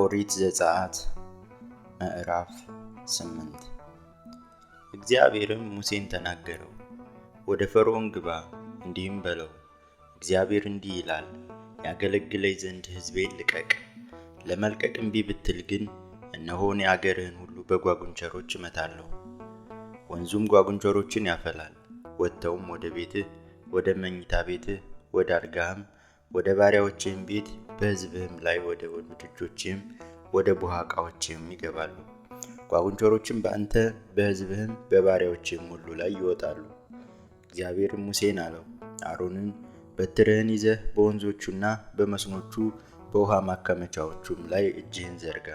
ኦሪት ዘጸአት ምዕራፍ 8 እግዚአብሔርም ሙሴን ተናገረው፣ ወደ ፈርዖን ግባ እንዲህም በለው፣ እግዚአብሔር እንዲህ ይላል፣ ያገለግለኝ ዘንድ ሕዝቤን ልቀቅ። ለመልቀቅ እምቢ ብትል ግን እነሆን የአገርህን ሁሉ በጓጉንቸሮች እመታለሁ፣ ወንዙም ጓጉንቸሮችን ያፈላል። ወጥተውም ወደ ቤትህ ወደ መኝታ ቤትህ ወደ አልጋህም ወደ ባሪያዎችም ቤት በሕዝብህም ላይ ወደ ምድጆችም ወደ ቡሃቃዎችም ይገባሉ። ጓጉንቸሮችም በአንተ በሕዝብህም በባሪያዎችም ሁሉ ላይ ይወጣሉ። እግዚአብሔርም ሙሴን አለው፣ አሮንን በትርህን ይዘህ በወንዞቹና በመስኖቹ በውሃ ማከመቻዎቹም ላይ እጅህን ዘርጋ፣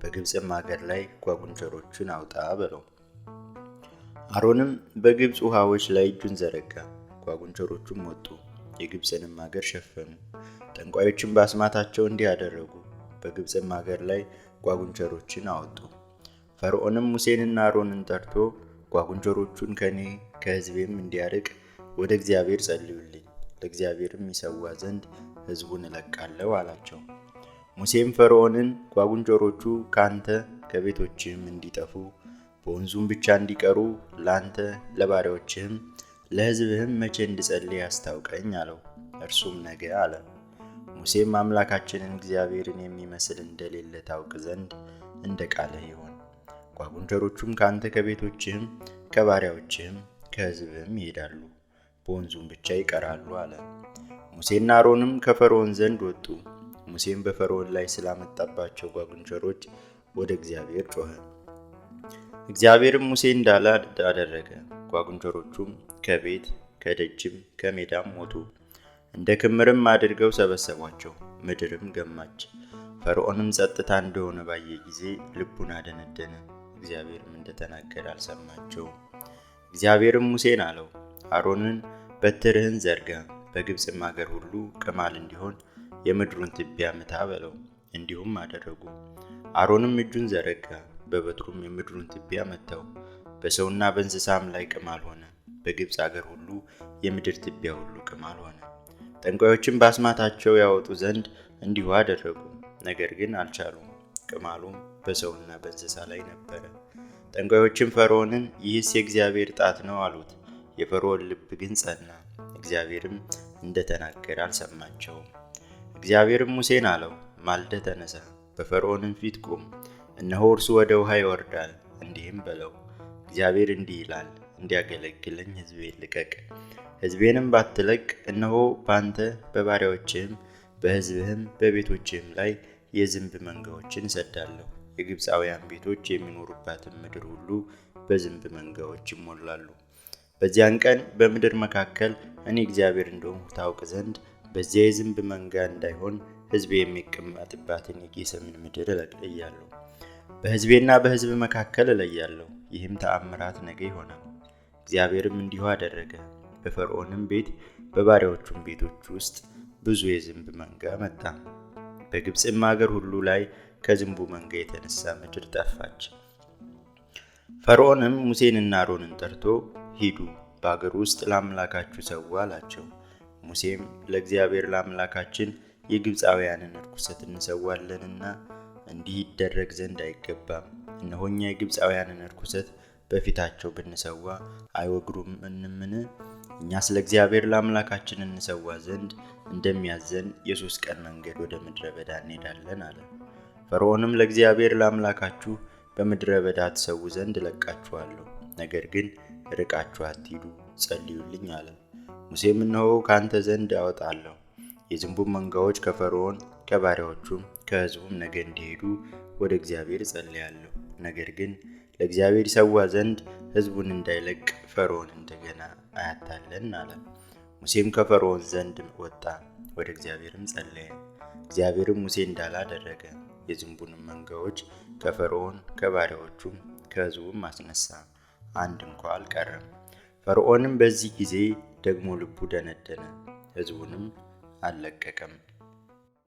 በግብፅም አገር ላይ ጓጉንቸሮቹን አውጣ በለው። አሮንም በግብፅ ውሃዎች ላይ እጁን ዘረጋ፣ ጓጉንቸሮቹም ወጡ። የግብፅንም አገር ሸፈኑ። ጠንቋዮችን በአስማታቸው እንዲህ አደረጉ። በግብፅም አገር ላይ ጓጉንቸሮችን አወጡ። ፈርዖንም ሙሴንና አሮንን ጠርቶ ጓጉንቸሮቹን ከኔ ከሕዝቤም እንዲያርቅ ወደ እግዚአብሔር ጸልዩልኝ፣ ለእግዚአብሔርም ይሰዋ ዘንድ ሕዝቡን እለቃለሁ አላቸው። ሙሴም ፈርዖንን ጓጉንቸሮቹ ከአንተ ከቤቶችህም እንዲጠፉ በወንዙም ብቻ እንዲቀሩ ለአንተ ለባሪያዎችህም ለሕዝብህም መቼ እንድጸልይ አስታውቀኝ አለው። እርሱም ነገ አለ። ሙሴም አምላካችንን እግዚአብሔርን የሚመስል እንደሌለ ታውቅ ዘንድ እንደ ቃልህ ይሆን። ጓጉንቸሮቹም ከአንተ ከቤቶችህም ከባሪያዎችህም ከሕዝብህም ይሄዳሉ፣ በወንዙም ብቻ ይቀራሉ አለ። ሙሴና አሮንም ከፈርዖን ዘንድ ወጡ። ሙሴም በፈርዖን ላይ ስላመጣባቸው ጓጉንቸሮች ወደ እግዚአብሔር ጮኸ። እግዚአብሔርም ሙሴ እንዳለ አደረገ። ጓጉንቸሮቹም ከቤት ከደጅም ከሜዳም ሞቱ። እንደ ክምርም አድርገው ሰበሰቧቸው፣ ምድርም ገማች። ፈርዖንም ጸጥታ እንደሆነ ባየ ጊዜ ልቡን አደነደነ፣ እግዚአብሔርም እንደተናገረ አልሰማቸውም። እግዚአብሔርም ሙሴን አለው፣ አሮንን በትርህን ዘርጋ፣ በግብፅም አገር ሁሉ ቅማል እንዲሆን የምድሩን ትቢያ ምታ በለው። እንዲሁም አደረጉ። አሮንም እጁን ዘረጋ፣ በበትሩም የምድሩን ትቢያ መታው። በሰውና በእንስሳም ላይ ቅማል ሆነ። በግብፅ አገር ሁሉ የምድር ትቢያ ሁሉ ቅማል ሆነ። ጠንቋዮችም በአስማታቸው ያወጡ ዘንድ እንዲሁ አደረጉ፣ ነገር ግን አልቻሉም። ቅማሉም በሰውና በእንስሳ ላይ ነበረ። ጠንቋዮችም ፈርዖንን ይህስ የእግዚአብሔር ጣት ነው አሉት። የፈርዖን ልብ ግን ጸና፣ እግዚአብሔርም እንደተናገረ አልሰማቸውም። እግዚአብሔርም ሙሴን አለው፣ ማልደ ተነሳ፣ በፈርዖንም ፊት ቁም፣ እነሆ እርሱ ወደ ውሃ ይወርዳል፣ እንዲህም በለው እግዚአብሔር እንዲህ ይላል፣ እንዲያገለግለኝ ሕዝቤን ልቀቅ። ሕዝቤንም ባትለቅ እነሆ በአንተ በባሪያዎችህም በሕዝብህም በቤቶችህም ላይ የዝንብ መንጋዎችን እሰዳለሁ። የግብፃውያን ቤቶች የሚኖሩባትን ምድር ሁሉ በዝንብ መንጋዎች ይሞላሉ። በዚያን ቀን በምድር መካከል እኔ እግዚአብሔር እንደሆንኩ ታውቅ ዘንድ በዚያ የዝንብ መንጋ እንዳይሆን ሕዝቤ የሚቀመጥባትን የጌሰምን ምድር እለቅያለሁ፣ በሕዝቤና በሕዝብ መካከል እለያለሁ። ይህም ተአምራት ነገ ይሆናል። እግዚአብሔርም እንዲሁ አደረገ። በፈርዖንም ቤት በባሪያዎቹም ቤቶች ውስጥ ብዙ የዝንብ መንጋ መጣ። በግብፅም አገር ሁሉ ላይ ከዝንቡ መንጋ የተነሳ ምድር ጠፋች። ፈርዖንም ሙሴንና አሮንን ጠርቶ ሂዱ በአገር ውስጥ ለአምላካችሁ ሰው አላቸው። ሙሴም ለእግዚአብሔር ለአምላካችን የግብፃውያንን ርኩሰት እንሰዋለንና እንዲህ ይደረግ ዘንድ አይገባም እነሆ እኛ የግብፃውያንን በፊታቸው ብንሰዋ እንምን እኛ ስለ እግዚአብሔር ለአምላካችን እንሰዋ ዘንድ እንደሚያዘን የሶስት ቀን መንገድ ወደ ምድረ በዳ እንሄዳለን አለ። ፈርዖንም ለእግዚአብሔር ለአምላካችሁ በምድረ በዳ ትሰዉ ዘንድ እለቃችኋለሁ፣ ነገር ግን ርቃችሁ አትሂዱ፣ ጸልዩልኝ አለ። ሙሴም እነሆ ከአንተ ዘንድ አወጣለሁ የዝንቡም መንጋዎች ከፈርዖን ከባሪያዎቹም ከህዝቡም ነገ እንዲሄዱ ወደ እግዚአብሔር ጸልያለሁ ነገር ግን ለእግዚአብሔር ይሰዋ ዘንድ ሕዝቡን እንዳይለቅ ፈርዖን እንደገና አያታለን አለ። ሙሴም ከፈርዖን ዘንድ ወጣ፣ ወደ እግዚአብሔርም ጸለየ። እግዚአብሔርም ሙሴ እንዳላደረገ አደረገ። የዝንቡንም መንጋዎች ከፈርዖን ከባሪያዎቹም ከሕዝቡም አስነሳ፣ አንድ እንኳ አልቀረም። ፈርዖንም በዚህ ጊዜ ደግሞ ልቡ ደነደነ፣ ሕዝቡንም አልለቀቀም።